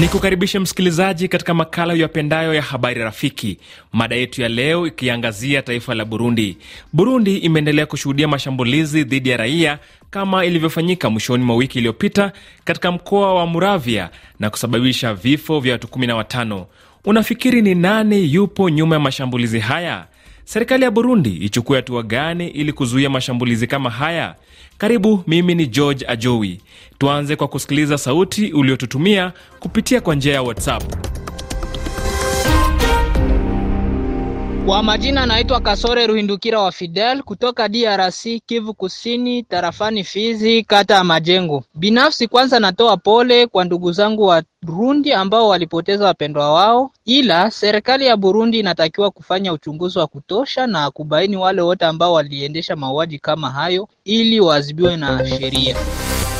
Ni kukaribishe msikilizaji katika makala uyapendayo ya habari rafiki, mada yetu ya leo ikiangazia taifa la Burundi. Burundi imeendelea kushuhudia mashambulizi dhidi ya raia kama ilivyofanyika mwishoni mwa wiki iliyopita katika mkoa wa muravia na kusababisha vifo vya watu 15. Unafikiri ni nani yupo nyuma ya mashambulizi haya? serikali ya Burundi ichukue hatua gani ili kuzuia mashambulizi kama haya? Karibu, mimi ni George Ajowi. Tuanze kwa kusikiliza sauti uliotutumia kupitia kwa njia ya WhatsApp. Kwa majina naitwa Kasore Ruhindukira wa Fidel kutoka DRC Kivu Kusini, tarafani Fizi, kata ya Majengo. Binafsi kwanza natoa pole kwa ndugu zangu wa Burundi ambao walipoteza wapendwa wao, ila serikali ya Burundi inatakiwa kufanya uchunguzi wa kutosha na kubaini wale wote ambao waliendesha mauaji kama hayo ili waadhibiwe na sheria.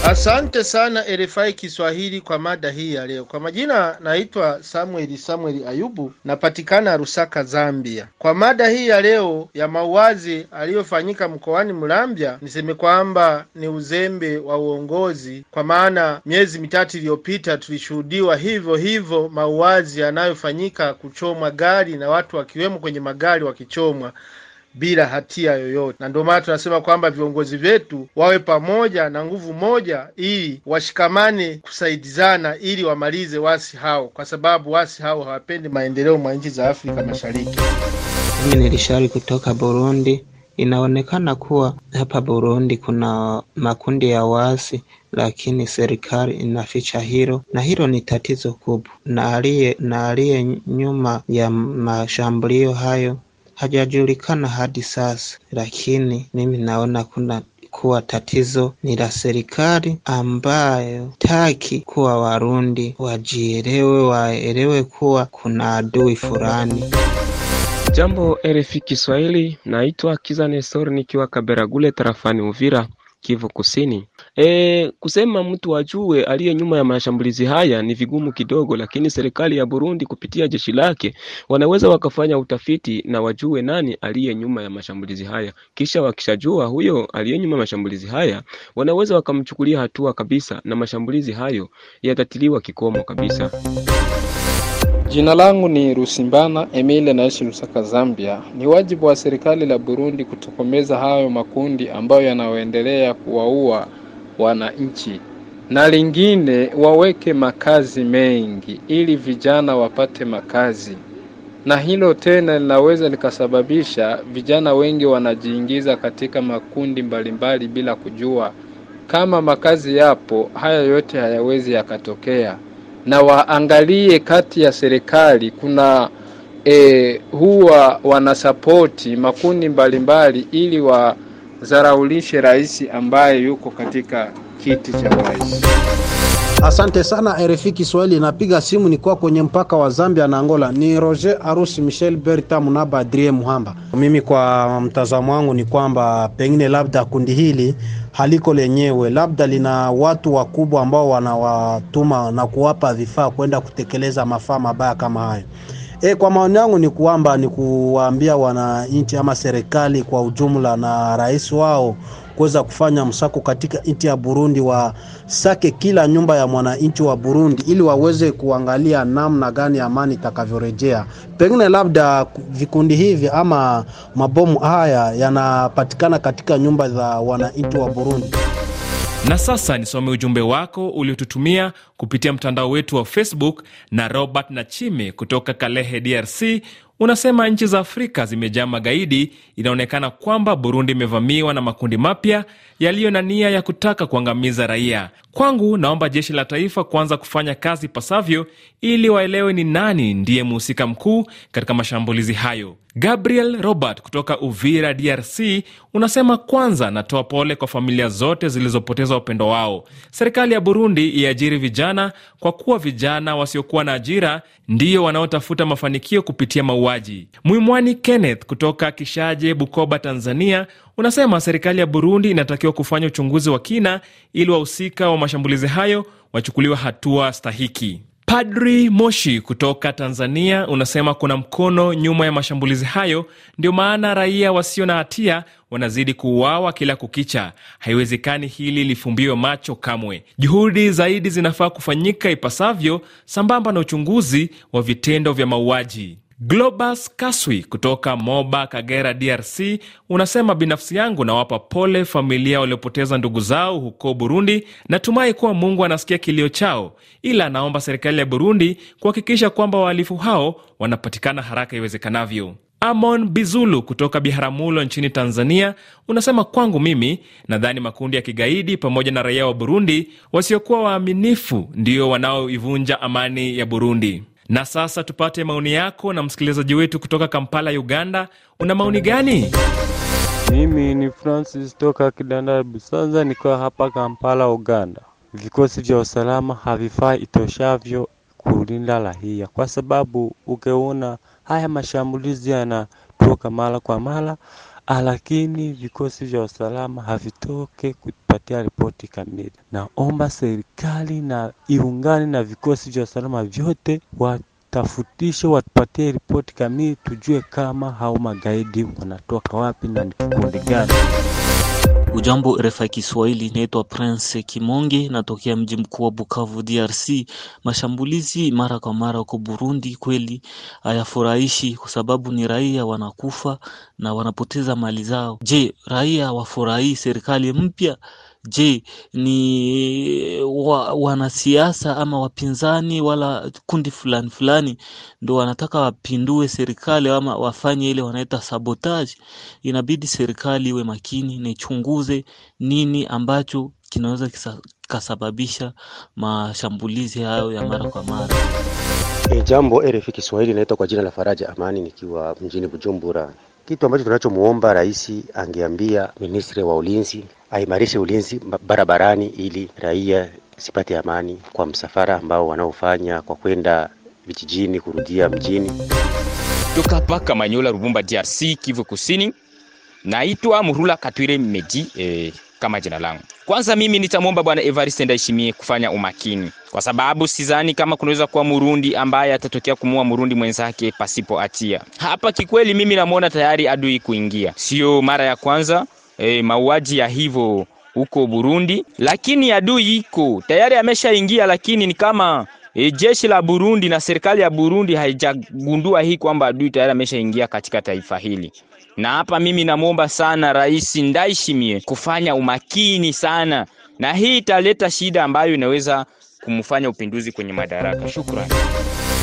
Asante sana RFI Kiswahili kwa mada hii ya leo. Kwa majina naitwa Samuel Samuel Ayubu, napatikana rusaka Zambia. Kwa mada hii ya leo ya mauwazi aliyofanyika mkoani Mlambya, niseme kwamba ni uzembe wa uongozi, kwa maana miezi mitatu iliyopita tulishuhudiwa hivyo hivyo mauwazi yanayofanyika, kuchomwa gari na watu wakiwemo kwenye magari wakichomwa bila hatia yoyote, na ndio maana tunasema kwamba viongozi wetu wawe pamoja na nguvu moja, ili washikamane kusaidizana, ili wamalize wasi hao, kwa sababu wasi hao hawapendi maendeleo mwa nchi za Afrika Mashariki. Mimi nilishari kutoka Burundi. Inaonekana kuwa hapa Burundi kuna makundi ya waasi, lakini serikali inaficha hilo, na hilo ni tatizo kubwa, na aliye na aliye nyuma ya mashambulio hayo hajajulikana hadi sasa, lakini mimi naona kuna kuwa tatizo ni la serikali ambayo taki kuwa Warundi wajielewe, waelewe kuwa kuna adui fulani. Jambo RFI Kiswahili, naitwa Kiza nikiwa Kaberagule tarafani Uvira. Kivu Kusini. E, kusema mtu ajue aliye nyuma ya mashambulizi haya ni vigumu kidogo, lakini serikali ya Burundi kupitia jeshi lake wanaweza wakafanya utafiti na wajue nani aliye nyuma ya mashambulizi haya. Kisha wakishajua huyo aliye nyuma ya mashambulizi haya, wanaweza wakamchukulia hatua kabisa, na mashambulizi hayo yatatiliwa kikomo kabisa. Jina langu ni Rusimbana Emile, naishi Lusaka, Zambia. Ni wajibu wa serikali la Burundi kutokomeza hayo makundi ambayo yanaoendelea kuwaua wananchi, na lingine waweke makazi mengi ili vijana wapate makazi, na hilo tena linaweza likasababisha vijana wengi wanajiingiza katika makundi mbalimbali bila kujua. Kama makazi yapo, haya yote hayawezi yakatokea na waangalie kati ya serikali kuna e, huwa wanasapoti makundi mbalimbali mbali, ili wazaraulishe rais ambaye yuko katika kiti cha rais. Asante sana RFI Kiswahili, napiga simu nikiwa kwenye mpaka wa Zambia na Angola. Ni Roger Arusi Michel Berta Munaba Adrie Muhamba. Mimi kwa mtazamo wangu ni kwamba pengine labda kundi hili haliko lenyewe, labda lina watu wakubwa ambao wanawatuma na kuwapa vifaa kwenda kutekeleza mafaa mabaya kama hayo. E, kwa maoni yangu ni kwamba ni kuwaambia wananchi ama serikali kwa ujumla na rais wao kuweza kufanya msako katika nchi ya Burundi, wasake kila nyumba ya mwananchi wa Burundi ili waweze kuangalia namna gani amani itakavyorejea. Pengine labda vikundi hivi ama mabomu haya yanapatikana katika nyumba za wananchi wa Burundi. Na sasa nisome ujumbe wako uliotutumia kupitia mtandao wetu wa Facebook na Robert Nachime kutoka Kalehe, DRC unasema nchi za Afrika zimejaa magaidi. Inaonekana kwamba Burundi imevamiwa na makundi mapya yaliyo na nia ya kutaka kuangamiza raia. Kwangu naomba jeshi la taifa kuanza kufanya kazi pasavyo, ili waelewe ni nani ndiye mhusika mkuu katika mashambulizi hayo. Gabriel Robert kutoka Uvira, DRC, unasema kwanza, natoa pole kwa familia zote zilizopoteza upendo wao. Serikali ya Burundi iajiri vijana, kwa kuwa vijana wasiokuwa na ajira ndiyo wanaotafuta mafanikio kupitia mauaji. Mwimwani Kenneth kutoka Kishaje, Bukoba, Tanzania, unasema serikali ya Burundi inatakiwa kufanya uchunguzi wa kina ili wahusika wa mashambulizi hayo wachukuliwe hatua stahiki. Padri Moshi kutoka Tanzania unasema kuna mkono nyuma ya mashambulizi hayo, ndio maana raia wasio na hatia wanazidi kuuawa kila kukicha. Haiwezekani hili lifumbiwe macho kamwe. Juhudi zaidi zinafaa kufanyika ipasavyo, sambamba na uchunguzi wa vitendo vya mauaji. Globus Kaswi kutoka Moba, Kagera, DRC unasema binafsi yangu nawapa pole familia waliopoteza ndugu zao huko Burundi. Natumai kuwa Mungu anasikia kilio chao, ila anaomba serikali ya Burundi kuhakikisha kwamba wahalifu hao wanapatikana haraka iwezekanavyo. Amon Bizulu kutoka Biharamulo nchini Tanzania unasema kwangu mimi nadhani makundi ya kigaidi pamoja na raia wa Burundi wasiokuwa waaminifu ndio wanaoivunja amani ya Burundi. Na sasa tupate maoni yako na msikilizaji wetu kutoka Kampala, Uganda. Una maoni gani? Mimi ni Francis toka Kidanda Busanza, nikiwa hapa Kampala, Uganda. Vikosi vya usalama havifai itoshavyo kulinda raia, kwa sababu ukiona haya mashambulizi yanatoka mara kwa mara Ah, lakini vikosi vya usalama havitoke kutupatia ripoti kamili. Naomba serikali na iungane na vikosi vya usalama vyote watafutishe, watupatie ripoti kamili, tujue kama hao magaidi wanatoka wapi na ni kikundi gani. Ujambo RFI Kiswahili, naitwa Prince Kimonge, natokea mji mkuu wa Bukavu, DRC. Mashambulizi mara kwa mara huko Burundi kweli hayafurahishi, kwa sababu ni raia wanakufa na wanapoteza mali zao. Je, raia wafurahii serikali mpya? Je, ni wa, wanasiasa ama wapinzani wala kundi fulani fulani ndo wanataka wapindue serikali ama wafanye ile wanaita sabotage? Inabidi serikali iwe makini na ichunguze nini ambacho kinaweza kikasababisha mashambulizi hayo ya mara kwa mara. E, jambo rf Kiswahili, naitwa kwa jina la Faraja Amani nikiwa mjini Bujumbura. Kitu ambacho tunachomuomba rais angeambia ministri wa ulinzi aimarishe ulinzi barabarani ili raia sipate amani kwa msafara ambao wanaofanya kwa kwenda vijijini kurudia mjini. Toka hapa Kamanyola, Rubumba, DRC, Kivu Kusini. Naitwa Murula Katwire Meji eh, kama jina langu. Kwanza mimi nitamwomba bwana Evariste ndaishimie kufanya umakini, kwa sababu sizani kama kunaweza kuwa Murundi ambaye atatokea kumua Murundi mwenzake pasipo hatia. Hapa kikweli, mimi namwona tayari adui kuingia, sio mara ya kwanza e, mauaji ya hivyo huko Burundi, lakini adui iko tayari ameshaingia, lakini ni kama e, jeshi la Burundi na serikali ya Burundi haijagundua hii kwamba adui tayari ameshaingia katika taifa hili. Na hapa mimi namwomba sana Rais Ndayishimiye kufanya umakini sana, na hii italeta shida ambayo inaweza kumfanya upinduzi kwenye madaraka. Shukrani.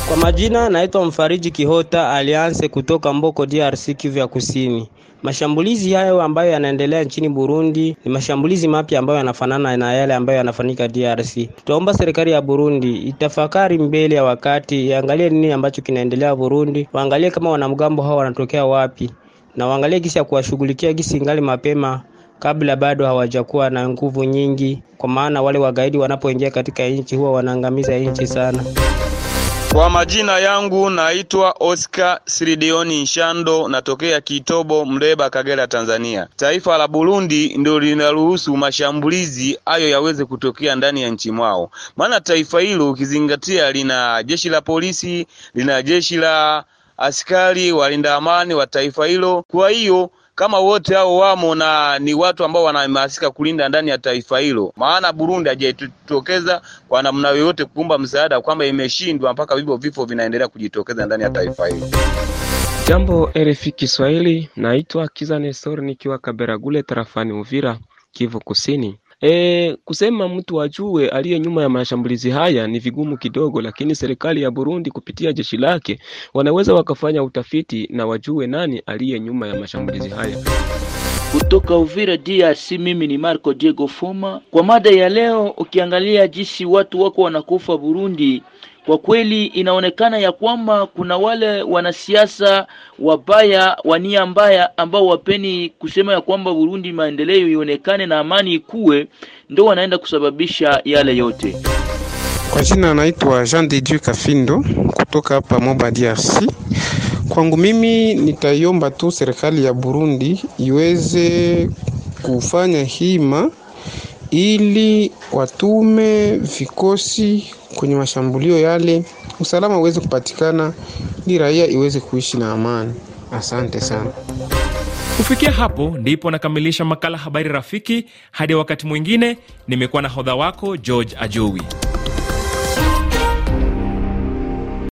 Kwa majina naitwa Mfariji Kihota Alliance kutoka Mboko DRC Kivu ya Kusini. Mashambulizi hayo ambayo yanaendelea nchini Burundi ni mashambulizi mapya ambayo yanafanana na yale ambayo yanafanyika DRC. Tutaomba serikali ya Burundi itafakari mbele ya wakati, iangalie nini ambacho kinaendelea Burundi, waangalie kama wanamgambo hao wanatokea wapi na waangalie kisha kuwashughulikia gisi ngali mapema kabla bado hawajakuwa na nguvu nyingi, kwa maana wale wagaidi wanapoingia katika nchi huwa wanaangamiza nchi sana. Kwa majina yangu naitwa Oscar Siridioni Nshando, natokea Kitobo, Mleba, Kagera, Tanzania. Taifa la Burundi ndio linaruhusu mashambulizi hayo yaweze kutokea ndani ya nchi mwao, maana taifa hilo ukizingatia, lina jeshi la polisi, lina jeshi la askari walinda amani wa taifa hilo, kwa hiyo kama wote hao wamo na ni watu ambao wanahamasika kulinda ndani ya taifa hilo, maana Burundi haijajitokeza kwa namna yoyote kuumba msaada, kwamba imeshindwa mpaka vivyo vifo vinaendelea kujitokeza ndani ya taifa hilo. Jambo RFI Kiswahili, naitwa Kiza nikiwa Kaberagule tarafani Uvira, Kivu Kusini. E, kusema mtu ajue aliye nyuma ya mashambulizi haya ni vigumu kidogo, lakini serikali ya Burundi kupitia jeshi lake wanaweza wakafanya utafiti na wajue nani aliye nyuma ya mashambulizi haya. Kutoka Uvira DRC, mimi ni Marco Diego Foma. kwa mada ya leo. Ukiangalia jinsi watu wako wanakufa Burundi kwa kweli inaonekana ya kwamba kuna wale wanasiasa wabaya wa nia mbaya ambao wapeni kusema ya kwamba Burundi maendeleo ionekane na amani ikuwe, ndio wanaenda kusababisha yale yote. Kwa jina anaitwa Jean de Dieu Kafindo kutoka hapa Moba DRC. Kwangu mimi nitaiomba tu serikali ya Burundi iweze kufanya hima ili watume vikosi kwenye mashambulio yale, usalama uweze kupatikana ili raia iweze kuishi na amani. Asante sana. Kufikia hapo ndipo nakamilisha makala Habari Rafiki. Hadi wakati mwingine, nimekuwa na hodha wako George Ajowi.